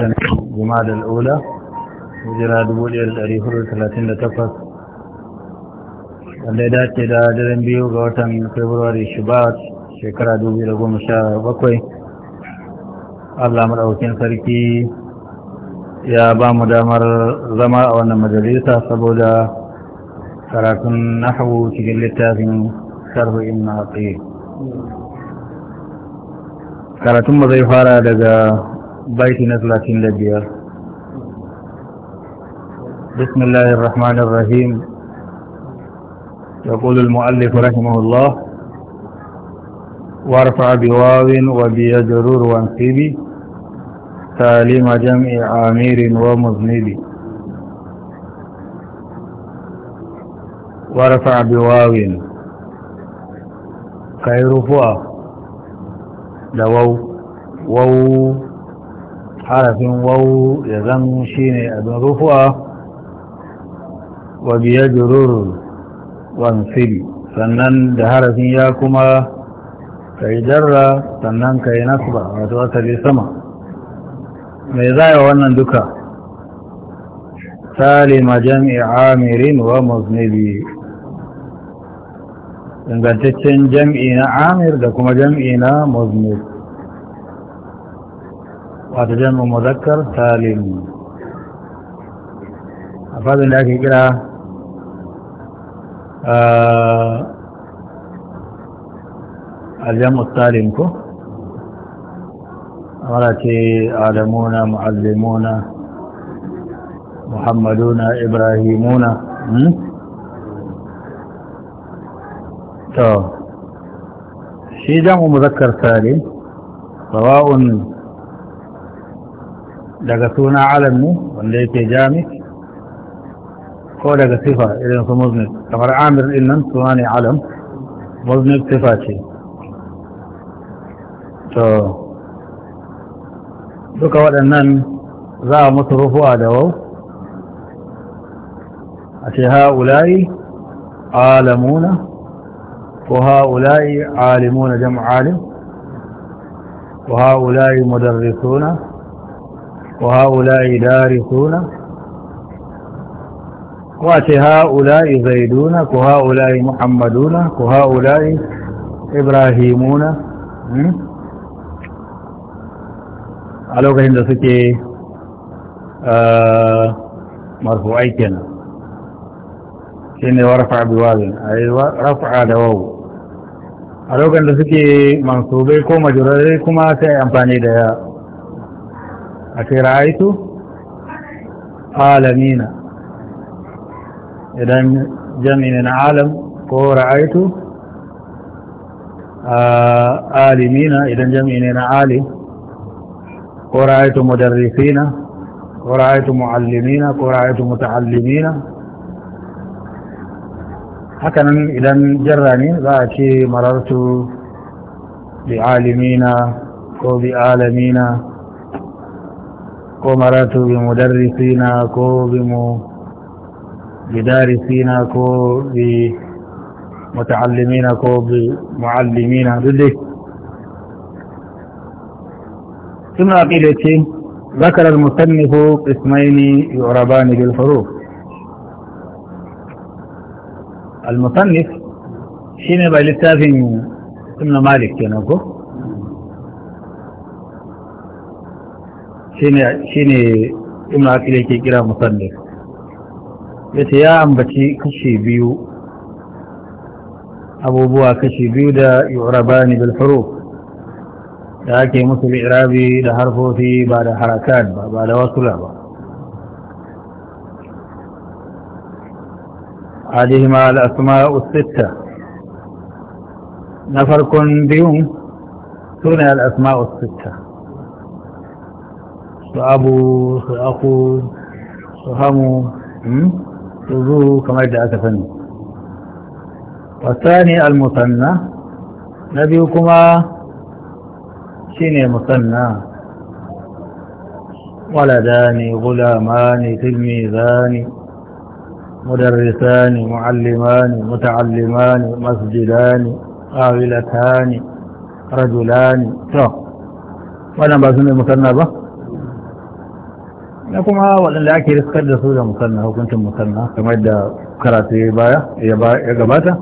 جماد الأولى hijira 1438 wanda ya da biyu ga watan sarki ya ba mu damar zama a wannan majalisa saboda karatun cikin littafin sharhu karatun mu zai fara daga بيت نزلة talatin بسم الله الرحمن الرحيم يقول المؤلف رحمه الله وارفع بواو وبيجرور وانسيبي تعليم جمع عامير ومذنبي وارفع بواو كيرفوا دواو وو harafin wau ya zan shi ne abin rufuwa wa biya jirur wansiri sannan da harafin ya kuma ka yi jarra sannan ka yi nasba wato wasali sama mai zaya wannan duka salima jam'i amirin wa musnibi ingantaccen jam'i na amir da kuma jam'i na musnibi wato jami'in mazakar salim a fadin da ake kira a jami'in salim ko mara ce adamuna ma'azimuna muhammaduna ibrahimuna hmm? to shi jami'in mazakar salim sawa'un daga suna alam ne wanda yake jami ko daga sifa irin su muznif kamar amir din suna ne alam muznif sifa ce to duka waɗannan za a musu rufuwa da wau a ce ha'ulayi alamuna ko ha'ulayi alimuna jam'alim وهؤلاء مدرسون وهؤلاء دارسون وأتي هؤلاء زيدون وهؤلاء محمدون وهؤلاء إبراهيمون a lokacin da suke marfu'ai kenan shi ne warfa biwazin a yi rafa da wau a lokacin da suke mansubai ko majurai kuma sai amfani da ya أتي رأيته إذا جمع من عالم قو رأيته آه، آل إذا جمع من عالي قو رأيته مدرسين قو رأيته معلمين قو رأيته متعلمين هكذا إذا جرني رأيتي مررت بعالمين قو بعالمين ومرات بمدرسين كو بم بدارسين كو بمتعلمين كو بمعلمين دلي ثم أقول ذكر المصنف قسمين يعربان بالحروف المصنف شيني بالتافين ابن مالك كينوكو يعني shine ibn akil yake kira ya ce ya ambaci kashi biyu abubuwa kashi biyu da yurabani bil bilfaro da ake musu irabi da harfofi ba da harakan ba ba da wasula ba عليهما ustitta Na farkon biyun سنة الأسماء ustitta su abu su aku su hamu hmm? su zu kamar da aka sani wasani al-musanna na biyu kuma shine musanna waladani غلامان تلميذان مدرسان معلمان متعلمان مسجدان آولتان رجلان وانا باسم المثنى با na kuma waɗanda ake riskar da su da musamman hukuncin musamman kamar da karatu ya baya ya gabata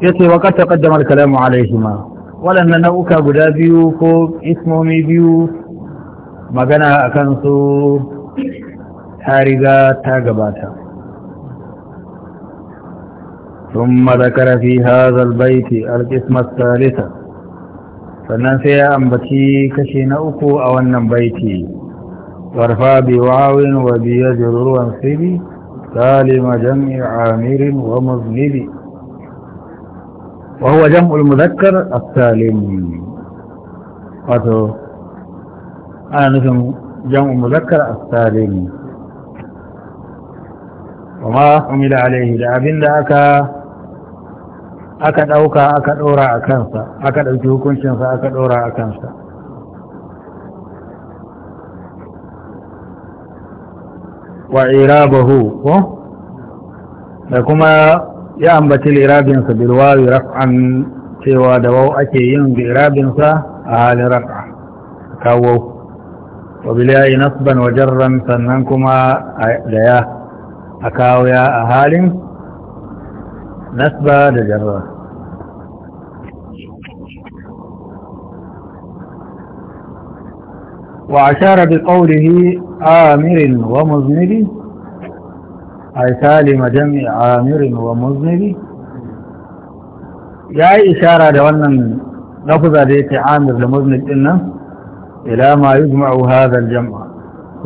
ya ce wakar ta kaddamar kalamu alaihima waɗanda nau'uka guda biyu ko ismomi biyu magana a kansu ta riga ta gabata ثم ذكر في هذا sannan sai ya ambaci kashe na uku a wannan baiti. وارفع بواو وبيد وانصب سالم جمع عامر ومذنب وهو جمع المذكر السالم wato ana nufin jam'u muzakkar as-salim kuma umila alaihi da abinda aka aka dauka aka dora a kansa aka dauki hukuncinsa aka dora a kansa wa irabahu ko da kuma ya ambaci lirabinsa bilwawi raf'an cewa da wau ake yin lirabinsa a halin raf'a kawo wa biliyayi nasban wa jarran sannan kuma da ya a kawo ya a halin nasba da jarran wa بقوله آمر ومزمر أي سالم جمع آمر ومزمر ya yi ishara da wannan lafuza da yake amir da muslim nan ila ma yujma'u hadha al-jam'a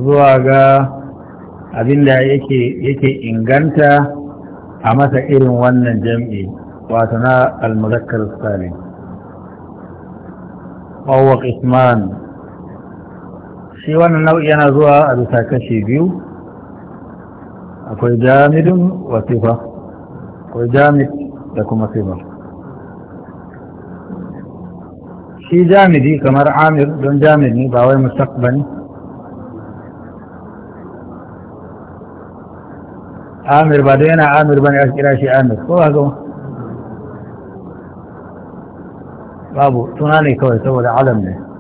zuwa ga abinda yake yake inganta a masa irin wannan jam'i wato na al-muzakkar salim qawwa qisman shi wannan nau'i yana zuwa a bisa kashi biyu akwai jamidin wasifa akwai jamid da kuma sifa shi jamidi kamar amir don jamid ne ba wai ne amir ba da yana amir ne a kira shi amir ko ba gama babu suna ne kawai saboda alam ne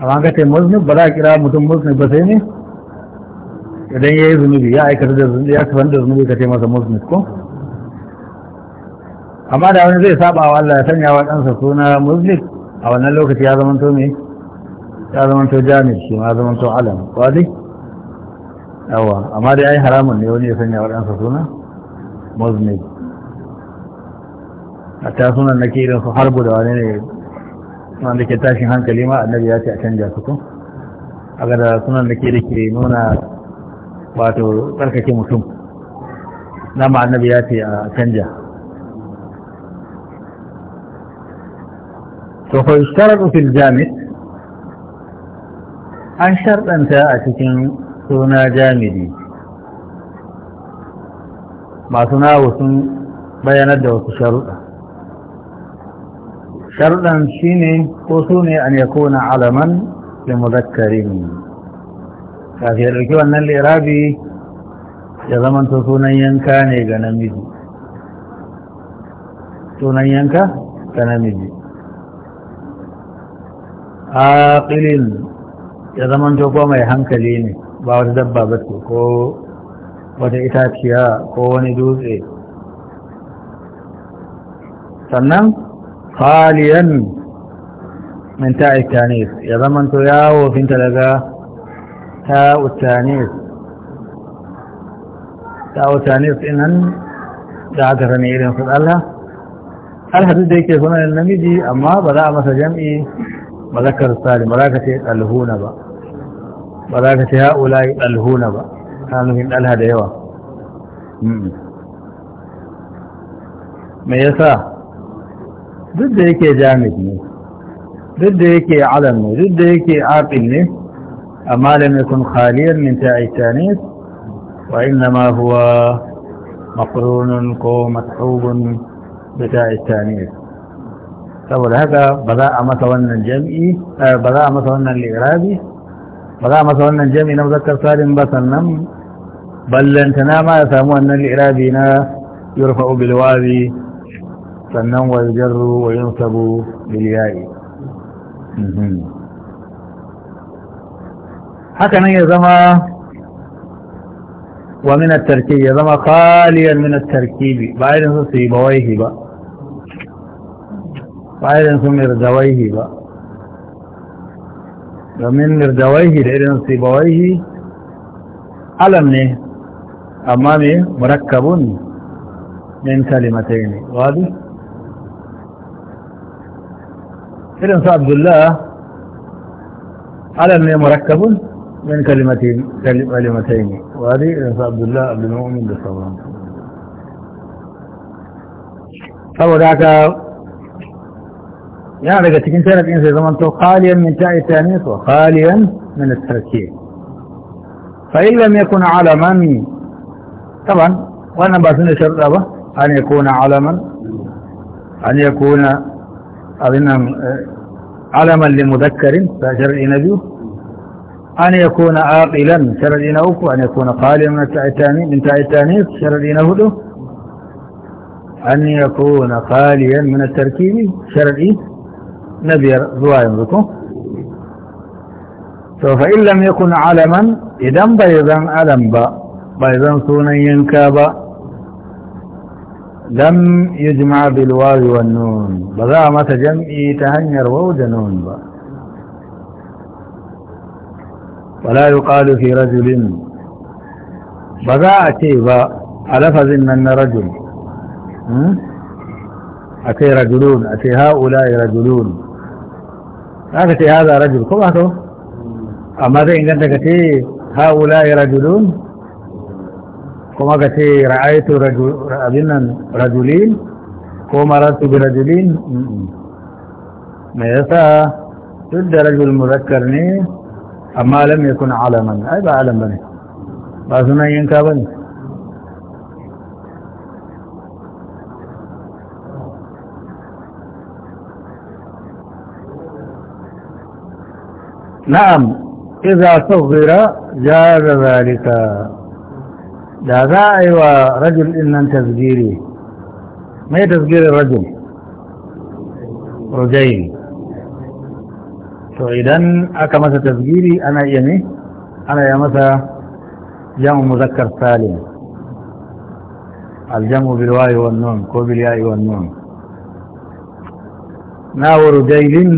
amma ka ce musnib ba za a kira mutum musnib ba sai ne idan ya yi zunubi ya aikata da zunubi ya kafan da zunubi ka ce masa musnib ko amma da wani zai saba wa Allah ya sanya wa ɗansa suna musnib a wannan lokaci ya zama to me ya zama to jami shi ma zama to alam kwadi yawa amma dai ai haramun ne wani ya sanya wa ɗansa suna musnib a ta sunan nake irin su harbu da wani ne suna da ke tashin hankali ma annabi ya ce a canja su kun a gada sunan da ke da ke nuna wato tsarkake mutum na ma annabi ya ce a canja to fa shara fil jami' an sharɗanta a cikin suna jami'i masu nawo sun bayanar da wasu sharuɗa sharuɗan shi ne ko su ne an ya kona alaman da muzakkarin kafin ya ɗauki wannan lirabi ya zamanta sunan yanka ne ga namiji sunan yanka ga namiji aqilin ya zamanta ko mai hankali ne ba wata dabba ba ce ko wata itaciya ko wani dutse sannan خاليا من تاء التانيث يضمنت يا وفين تلقى تاء التانيث تاء التانيث إنن دعك فنيئر ينصد الله هل دي كيف هنا النميجي أما بلا مسا جمعي مذكر السالي ملاكة الهون با ملاكة هؤلاء الهون با كانوا من الهدى ما يسا duk da yake jami'in ne duk da yake alam ne duk da yake afin ne amma lam yakun khaliyan min ta'isanis wa innama huwa maqrunun ko mathubun bi ta'isanis saboda haka ba za a masa wannan jami'i ba za a masa wannan lirabi ba za a masa wannan jami'i na muzakkar salim ba sannan ballantana ma ya samu wannan lirabi na yurfa'u bilwabi sannan wa wa yunsabu bil ya'i mhm. haka nan ya zama wa min at-tarkib ya zama khaliyan min at-tarkib ba irin su yi bawaihi ba ba irin su mirdawaihi ba domin mirdawaihi da irin su bawaihi alam ne amma me murakkabun min kalimatai ne wadi في الانصاب بالله على أنه مركب من كلمتين كلمتين وهذه الانصاب بالله بالمؤمن بالصبر فهو ذاك يعني لقد تكن تنب إنسى زمان خاليا من تاء التانيس وخاليا من التركيب. فإن لم يكن علما طبعا وانا باسنا شرطة أن يكون علما أن يكون أظن آه، علما لمذكر فشر الإنبي أن يكون عاقلا شر الإنوك وأن يكون قالما من تعتانيث شر الإنهده أن يكون خاليا من التركيب شرعي نبير زوايم ذكو فإن لم يكن علما إذا بيضا ألم با بيضا سونا ينكابا لم يجمع بالواو والنون بذا متى جمعي تهنير ووج نون با ولا يقال في رجل بذا أتي با ألفظ من رجل أتي رجلون أتي هؤلاء رجلون أتي هذا رجل كم أتو أما إن كنت هؤلاء رجلون kuma ka ce ra'aitu abin nan rajulin ko maratu bi rajulin me yasa duk da rajul muzakkar ne amma lam yakun alaman ai ba alam bane ba sunan yanka bane na'am idza saghira jara zalika da za a yi wa rajin din nan tasgiri mai tasgirin rajul rujayi to idan aka masa tasgiri ana iya ne ana iya masa jamu muzakkar salim aljamu bilwayi wannan ko bilyayi wannan na wa rujailin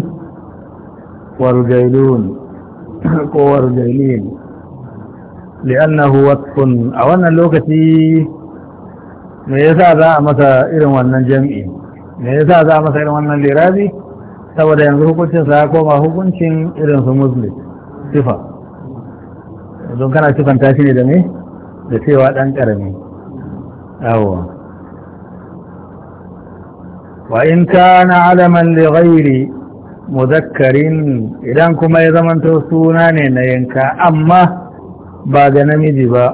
wa rujailun ko wa rujailin li'annahu wasfun a wannan lokaci me yasa za a masa irin wannan jam'i me yasa za a masa irin wannan lirabi saboda yanzu hukuncin sa koma hukuncin irin su muslim sifa don kana sifanta tashi ne da me da cewa dan karami yawwa wa in kana alaman li ghairi mudhakkarin idan kuma ya zamanto suna ne na yanka amma ba ga namiji ba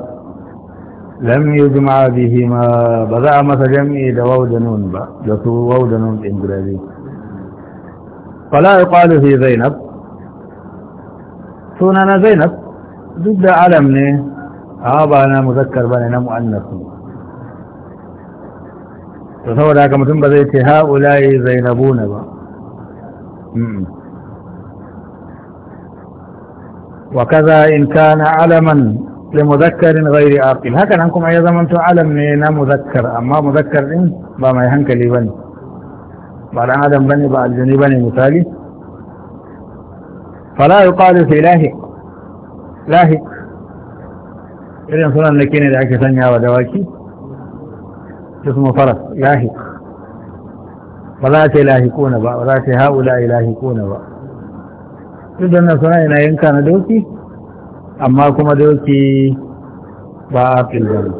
lam jima'a bihi ma ba za a masa jam'i da wau da nun ba da su wau da nun din guda biyu fala yuqalu fi zainab Suna na zainab duk da alam ne a ba na muzakkar bane na mu'annas to saboda haka mutum ba zai ce Zainabu ne ba hmm. wa kaza in kana alaman li mudhakkar ghairi aqil haka nan kuma ya zamanto alam ne na mudhakkar amma mudhakkar din ba mai hankali bane ba dan adam bane ba aljini bane misali fala yuqal fi ilahi lahi irin sunan ne da ake sanya wa dawaki to kuma fara lahi fala ilahi kuna ba za ta haula ilahi kuna ba duk da suna yana yanka na doki amma kuma doki ba a filgar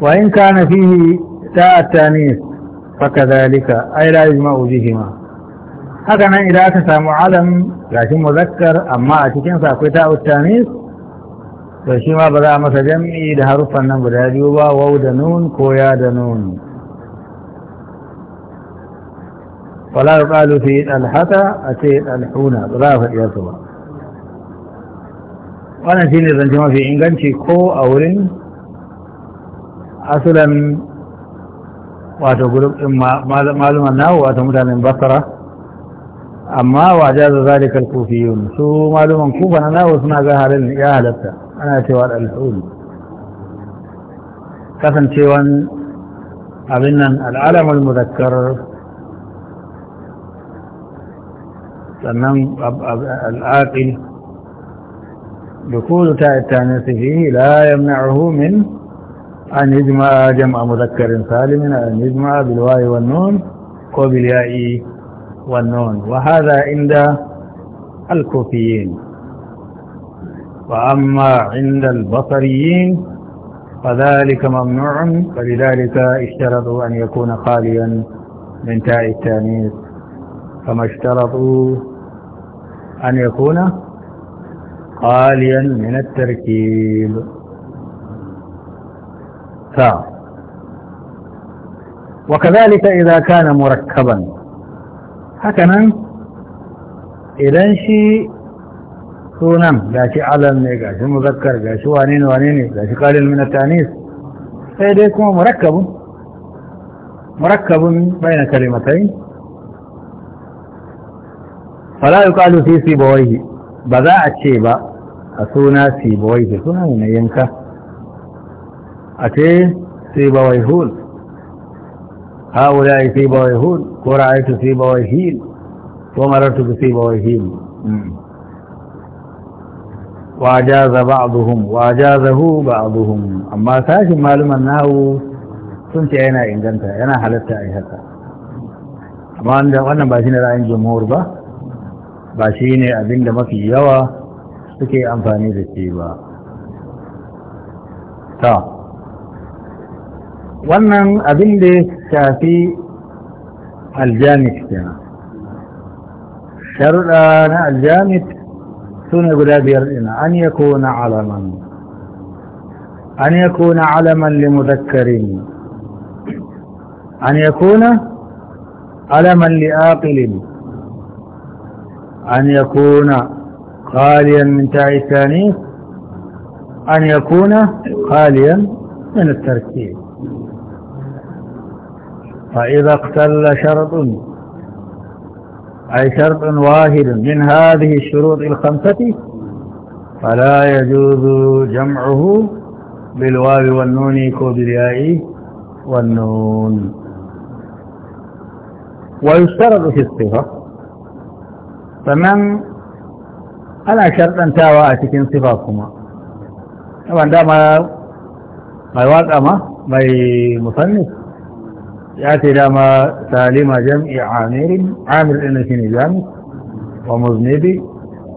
wa in kana fihi ta'atani faka zalika ai la yajma'u hima. haka nan idan aka samu alam gashin muzakkar amma a cikin sa akwai ta'atani to shi ma ba za a masa jam'i da haruffan nan guda biyu ba wau da nun ko ya da nun ولا يقال في الحتى أتي الحونة الحونا ضراف يسوى وانا تين الرنجمة في انجان كو او رن اصلا واتو قلوب اما معلوم انه واتو متى من بصرة اما واجاز ذلك الكوفيون سو معلوم ان كوفا انا وصنا قهر يا اهلتا انا تيوال الحول كثن شيوان أبنا العالم المذكر تنم العاقل دخول تاء التانيث فيه لا يمنعه من أن يجمع جمع مذكر سالم أن يجمع بالواي والنون وبالياء والنون وهذا عند الكوفيين وأما عند البصريين فذلك ممنوع فلذلك اشترطوا أن يكون خاليا من تاء التانيث كما اشترطوا أن يكون خاليا من التركيب ف وكذلك إذا كان مركبا حكما إذا انشي سونم لاشي علم لاشي مذكر لا لاشي وانين وانين لاشي قليل من التأنيث فإذا يكون مركب مركب بين كلمتين fara yi kwallo sai ba wahi ba za a ce ba a suna siba wahi suna ne na yanka a ce siba wahi hul ha wuri a yi siba wahi hul ko ra'ayi tu ba wahi hil ko marar tu ba wahi hil wajen zaba abuhun wajen hu ba abuhun amma sashin maluman hu sun ce yana inganta yana halatta a yi haka amma wannan ba shi na ra'ayin jamhur ba ba shi ne abinda mafi yawa suke amfani da shi ba ta wannan abinda shafi aljamit kenan sharuɗa na aljamit su ne guda biyar ɗina an ya kona alaman an ya kona alaman limudakkarin an ya kona alaman li'aƙilin أن يكون خاليا من تاء التانيث أن يكون خاليا من التركيب فإذا اقتل شرط أي شرط واحد من هذه الشروط الخمسة فلا يجوز جمعه بالواو والنون كوبرياء والنون ويشترط في الصفة sannan ana sharɗantawa a cikin sifa kuma yawan dama mai waƙa ma mai musanni ya ce dama salima jam'i amirin amir ɗin shi ne jami wa muznibi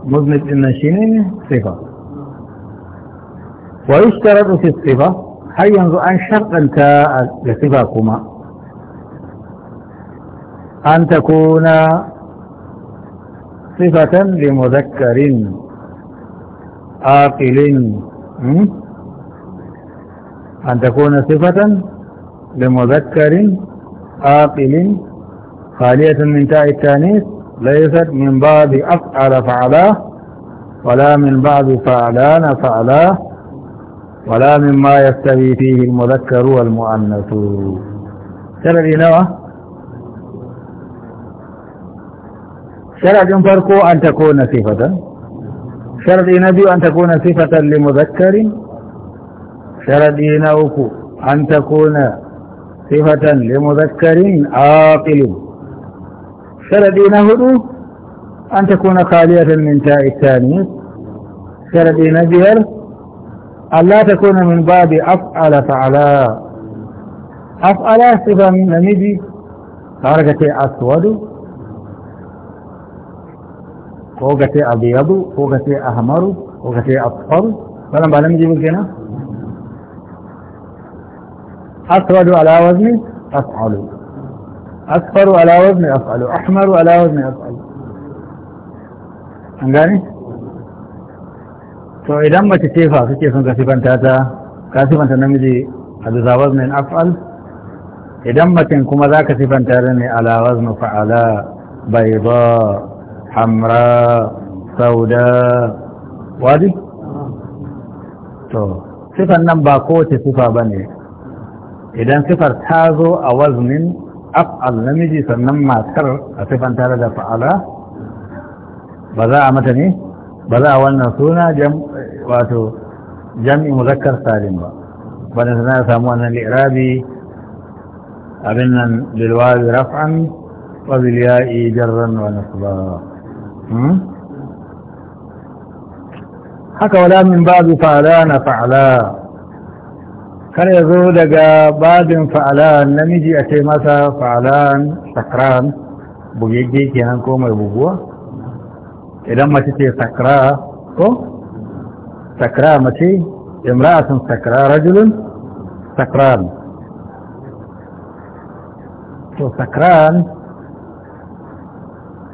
muznib ɗin shi ne sifa wa yi sharaɗu fi sifa har yanzu an sharɗanta ga sifa kuma an ta kuna صفة لمذكر عاقل أن تكون صفة لمذكر عاقل خالية من تاء التانيث ليست من بعض أفعل فعلاه ولا من بعض فعلان فعلاه ولا مما يستوي فيه المذكر والمؤنث ترى نوى شرط فرقه أن تكون صفة شرط نبي أن تكون صفة لمذكر شرط نوك أن تكون صفة لمذكر عاقل شرط نهد أن تكون خالية من تاء الثاني شرط نبهر أن لا تكون من باب أفعل فعلا أفعل صفة من نبي حركة أسود ko ga sai abiyadu ko ga sai ahmaru ko ga sai asfaru wannan ba namiji ba kenan aswadu ala wazni as'alu asfaru ala wazni as'alu ahmaru ala wazni as'alu an gani? to idan mace ce fa suke son kasifanta ta kasifanta namiji a bisa waznin af'al idan mace kuma za ka sifanta da ne ala waznu fa'ala bai ba حمراء سوداء واضح to sifar nan ba kowace sifa ba idan sifar ta zo a waznin af'al namiji sannan matar a sifan tare da fa'ala ba za a mata ne ba za a wannan suna wato jami'in muzakkar salim ba bane suna samu wannan rabi abin nan lilwawi raf'an wa biliya'i jarran wa nasba Hmm? haka wala min babu fa'ala na fa'ala kar ya zo daga babin fa'ala namiji a ce masa fa'alan sakran bugegge nan ko mai buguwa idan mace ce sakra ko sakra mace imra'atun sakra rajulun sakran to sakran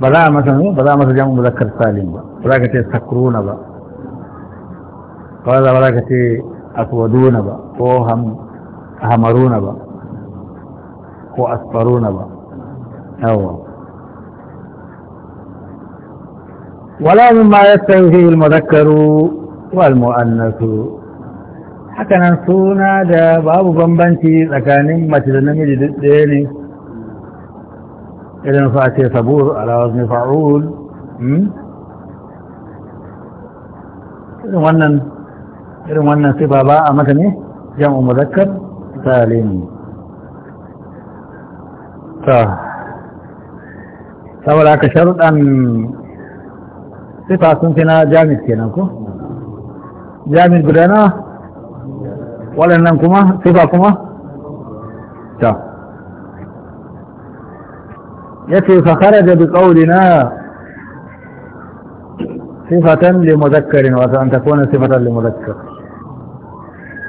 ba za a masa ne ba za a masa jamu muzakkar salim ba ba za ka ce sakruna ba ba za ka ce aswaduna ba ko hamaruna ba ko asfaruna ba yawa ولا مما يستوي فيه المذكر والمؤنث hakanan suna da babu bambanci tsakanin mace da namiji duk ɗaya ne إذا أن صبور على وزن فعول رمانا رمانا سبابا أمتن إيه؟ جمع مذكر سالم سوى سوال أكا شرط أن صفات سنتنا جامد كنانكو جامد قدنا ولنانكما صفاكما Yeah. طيب. yace fa kharaja bi sifatan li mudhakkarin wa an takuna sifatan li mudhakkar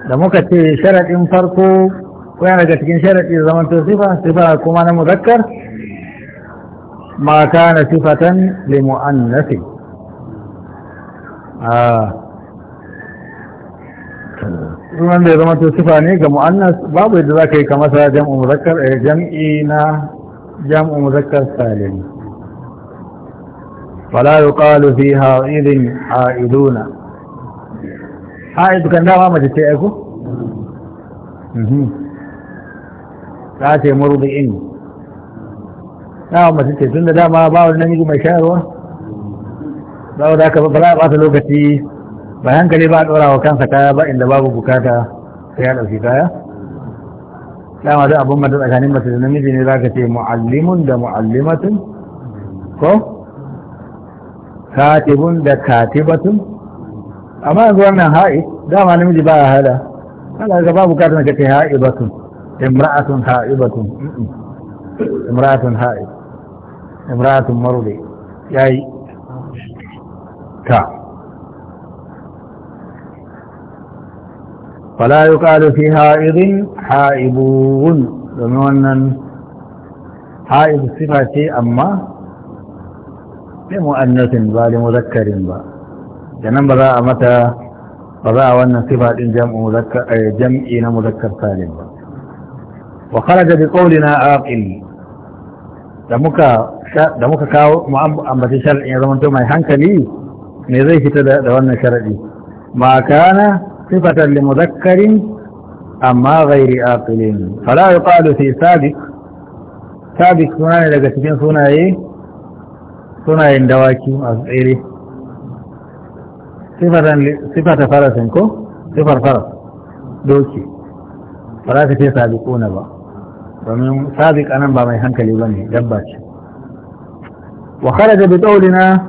da muka ce sharadin farko ko yana daga cikin sharadi zaman sifa kuma na mudhakkar ma kana sifatan li muannathi ah wanda ya sifa ne ga mu'annas babu yadda ka yi jam'u muzakkar jam'i na جمع مذكر سالم ولا يقال فيها عائد عائدون عائد كان دعوة ما تتعيكو تاتي مرضئين دعوة ما سنة تند دعوة باو النميق ما يشاروا باو ذاك فلا يقاتل لوقتي بيانك لبعض أولا وكان سكابا إن دباب بكاتا سيادة في كايا dama da abin mata tsakanin mace da namiji ne za ka ce mu'allimun da mu'allimatun ko katibun da katibatun amma yanzu wannan ha'i dama namiji ba ya hada ana ga babu katon ka ce batun imra'atun batun imra'atun ha'i imra'atun ya yayi ta fala yi ƙalu fi ha'izin ha'ibun domin wannan ha'ib sifa ce amma ne mu'annatin ba da muzakkarin ba nan ba za a mata ba za a wannan sifa ɗin jam'i na muzakkar salim ba wa kharaja bi qawlina aqil da muka da muka kawo mu'ambatin shar'in ya zama mai hankali me zai fita da wannan sharadi ma kana صفة لمذكر أما غير آقلين فلا يقال في سابق سابق سنة لك تكين سنة إيه سنة دواكي أصعيري صفة صفة فرس انكو صفة فرس دوكي فلا في سابقون با ومن سابق أنا با ميحن كليباني لبني وخرج بقولنا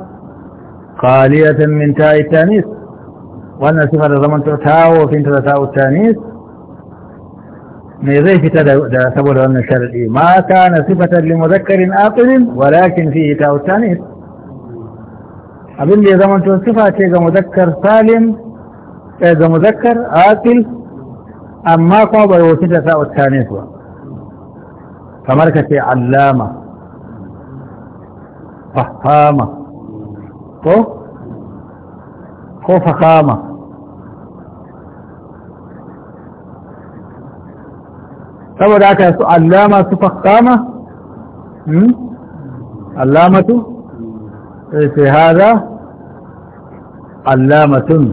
خالية من تاء التانيث وأن سفة الزمن تتاو في انت تتاو التانيس ميزيف تدعو سبول عن الشر ما كان صفة لمذكر آقل ولكن فيه تاو التانيس أبنى لي زمن تتفى تيغ مذكر سالم تيغ مذكر آقل أما قوة بيوثي تتاو التانيس فمركة علامة فحامة ko fakama saboda aka su allama su fakama hmm? allamatu eh, sai hada allamatun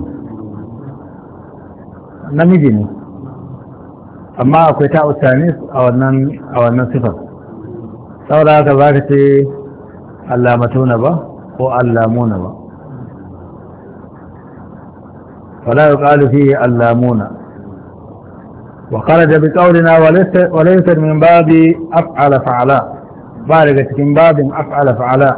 namiji ne amma akwai ta utanis a wannan a sifar saboda haka za ka ce allamatuna ba ko allamuna ba ولا يقال فيه اللامون وخرج بقولنا وليس من باب أفعل فعلاء بارقة من باب أفعل فعلا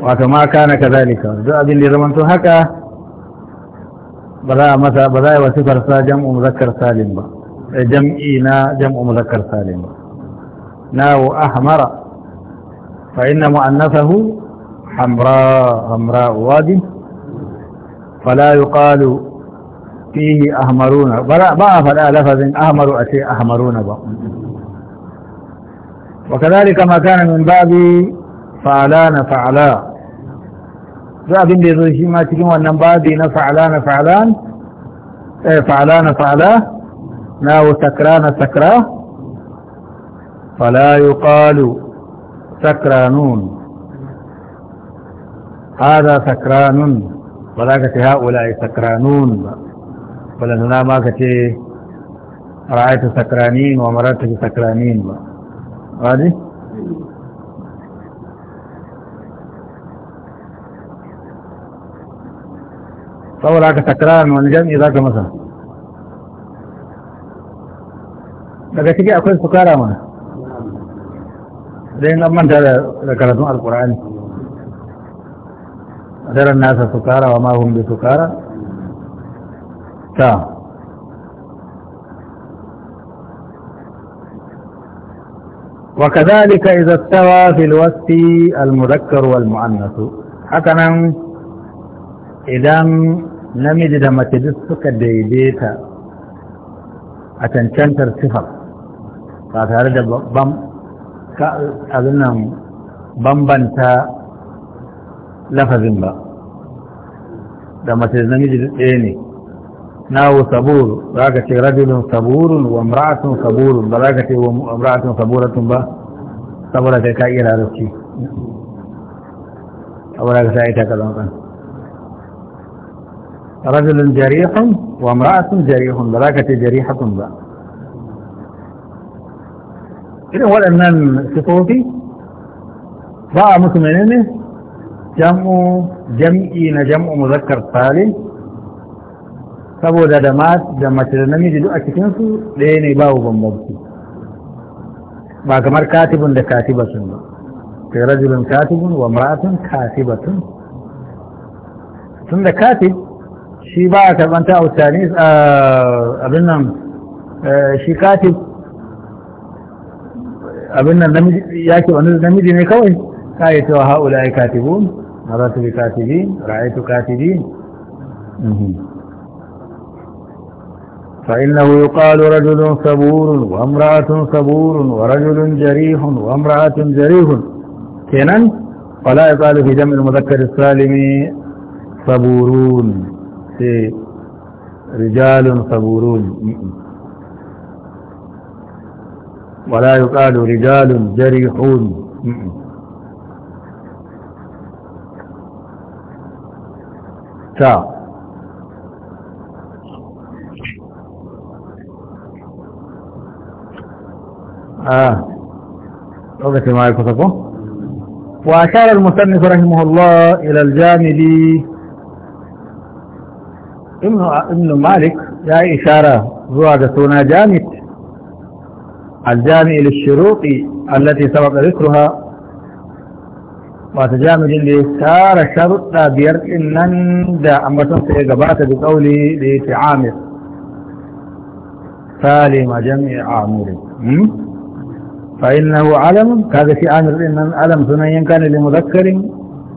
وما كان كذلك ذؤذن لرمان تهكا بلا وسفر سا جمع مذكر سالم جمعي نا جمع مذكر سالم ناو أحمر فإن مؤنثه حمراء حمراء واد فلا يقال فيه أهمرون ما فلا لفظ أهمر أشيء أهمرون با. وكذلك ما كان من باب فعلان فعلا فأبن لذي ما تجمع أن بابي فعلان فعلان إيه، فعلان فعلا ناو سكران سكرا فلا يقال سكرانون هذا سكران ولكن هؤلاء سكرانون ولن هنا ما كتي رأيت سكرانين ومررت سكرانين غادي صور هكا سكران ونجم ذاك مثلا لكن تجي akwai سكران mana لأن من انت ذكرت مع القرآن أترى الناس سكارى وما هم بسكارى تام طيب. وكذلك إذا استوى في الوسط المذكر والمؤنث حكنا إذا نمد لما تدسك الديديتا أتنشنتر صفر فهذا هذا بم abin nan bambanta lafazin ba da mace namiji ɗaya ne nawo sabur za ka ce rajulun saburun wa mra'atun saburun ba za ka ce wa mra'atun saburatun ba saboda kai ka iya larabci saboda ka sa ka zama kan رجل جريح وامرأة جريح بلاكة جريحة بقى irin waɗannan sifofi ba a musu menene jam'u jam'i na jam'u muzakkar salim saboda da da mace da namiji duk a cikinsu ɗaya ne babu bambamci ba kamar katibin da katibatun ba sai rajulun katibun wa mra'atun katibatun tun da katib shi ba a karɓanta a abin nan eh, shi katib abin namiji ya ce wani namiji ne kawai ka yi cewa ha'ula ya katibun marasu bi katibi ra'aitu katibin فإنه يقال رجل صبور وامرأة صبور ورجل جريح وامرأة جريح كنن فلا يقال في جمع المذكر السالم صبورون في رجال صبورون ولا يقال رجال جريحون تا آه ما وأشار المصنف رحمه الله إلى الجانب ابن ابن مالك يا إشارة زواج سونا جامد الجامع للشروط التي سبق ذكرها وتجامع لسار شرط بير إن دا أمتن سيقبات بقوله ليت عامر سالم جمع عامر فإنه علم كذا في عامر إنن علم ثنيا كان لمذكر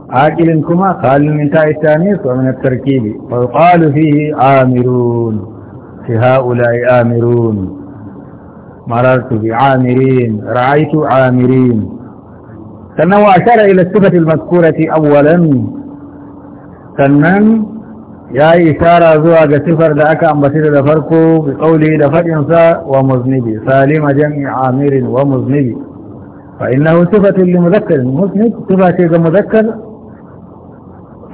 عاقل كما قال من تاء التانيث ومن التركيب ويقال فيه عامرون في هؤلاء آمرون مررت بعامرين رأيت عامرين تنوى أشار إلى الصفة المذكورة أولا تنن يا إشارة زوا جسفر لأكا أم بسيط دفركو بقوله دفر ينسى ومذنبي سالم جمع عامر ومذنبي فإنه صفة لمذكر المذنب صفة شيء مذكر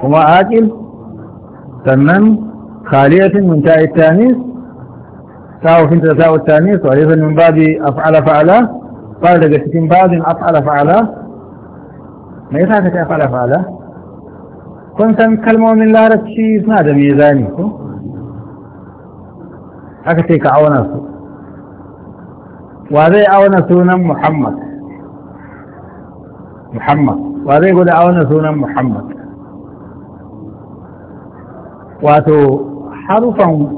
وما آكل تنن خالية من تاء التانيث تاو في جزاء التانيث وايضا من بعد افعل فعلا قال لك من بعد افعل فعلا ما يفعل افعل فعلا كنت كلمه من لا رتشي اسمها دميزاني اكتيك عونا سو وهذه عونا سونا محمد محمد وهذه يقول عونا سونا محمد واتو حرفا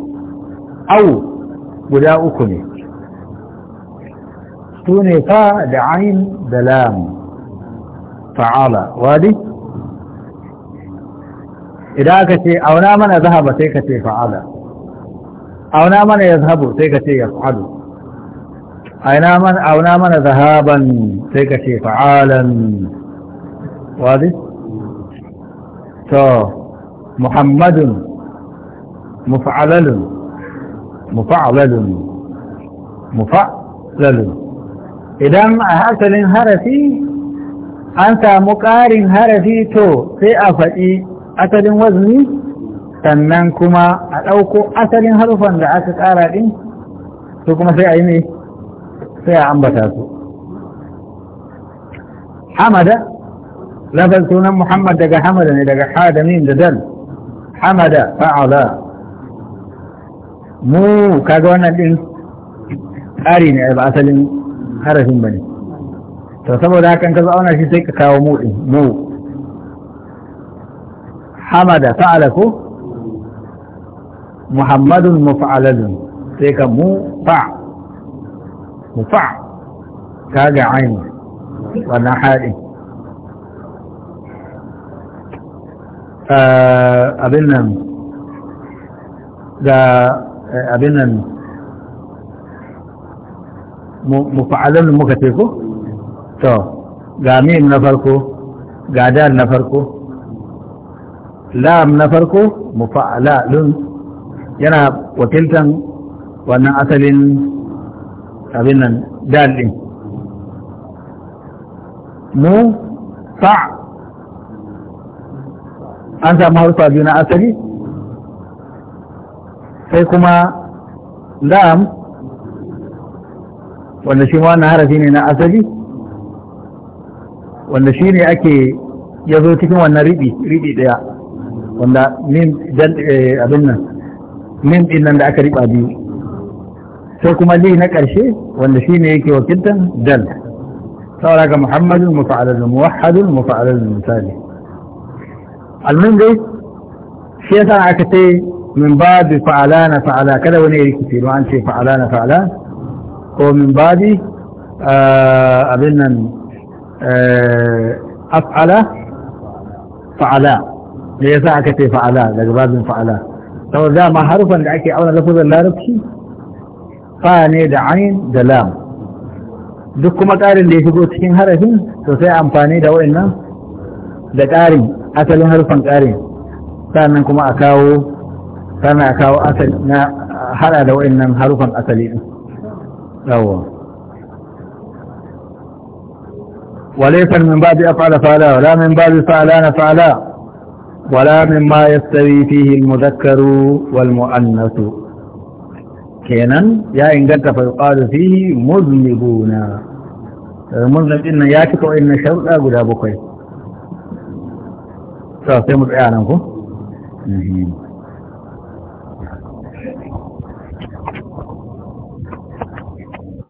او guda uku ne su ne fa da ayin da lam fa'ala wadi idan aka ce auna mana zahaba sai ka ce fa'ala auna mana ya zahabu sai ka ce ya fa'alu auna mana zahaban sai ka ce fa'alan wadi to muhammadun mufa'alalun مفعل مفعل مفعلل إذن أهلت الانهرسي أنت مقارن هرسي تو في أفئي أتل وزني تننكما الأوكو أتل هرفا لعاتك آرادين تكما في أيني في أعنبتاتو حمد لا لفظتنا محمد دقى حمدني دقى حادمين ددل حمد فعلا mu kaga wannan din tsari ne ba asalin harafin ba ne to saboda hakan ka zauna shi sai ka kawo mu din mu hamada fa'ala ko muhammadun mufa'alalun sai ka mu fa mu fa kaga aini wannan haɗin eh, abin nan ga Eh, abinan nan mufa'alun muka ce ko to ga mim na farko ga dal na farko lam na farko mufa'alun yana wakiltan wannan asalin abinan dal din mu fa an samu harfa biyu na asali sai kuma la'am wanda shi wannan harafi ne na asali wanda shi ne ake ya zo cikin wannan riɓi riɓi ɗaya wanda min eh, abin nan min ɗin nan da aka riɓa biyu sai kuma li na ƙarshe wanda shi ne yake wakiltan dal saura ga Muhammadu muhammadun mufa'alalun muwahadun mufa'alalun misali almin dai shi ya sa aka ce من بعد فعلان فعلا كذا ونيري كثير وعن شيء فعلان فعلا ومن بعد آه، أبنا آه، أفعل فعلا هي ساعة فعلا لقباب فعلا طبعا ذا ما حرفا لعكي أولا لفظ الله ربشي فاني دعين دلام دكما تارين ليس قوة تكين هرفين سوسيع أمفاني دعو إنا دكارين أتلين هرفا كارين فانا أكاو فما كاو أسل نا هلا لو إن حروفا أسلين أو وليس من بعد أفعل فعلا ولا من بعد فعلان فعلا ولا مما يستوي فيه المذكر والمؤنث كينا يا إن قلت فيقال فيه مذنبون المذنب إن ياتك وإن شر لا قد أبو خير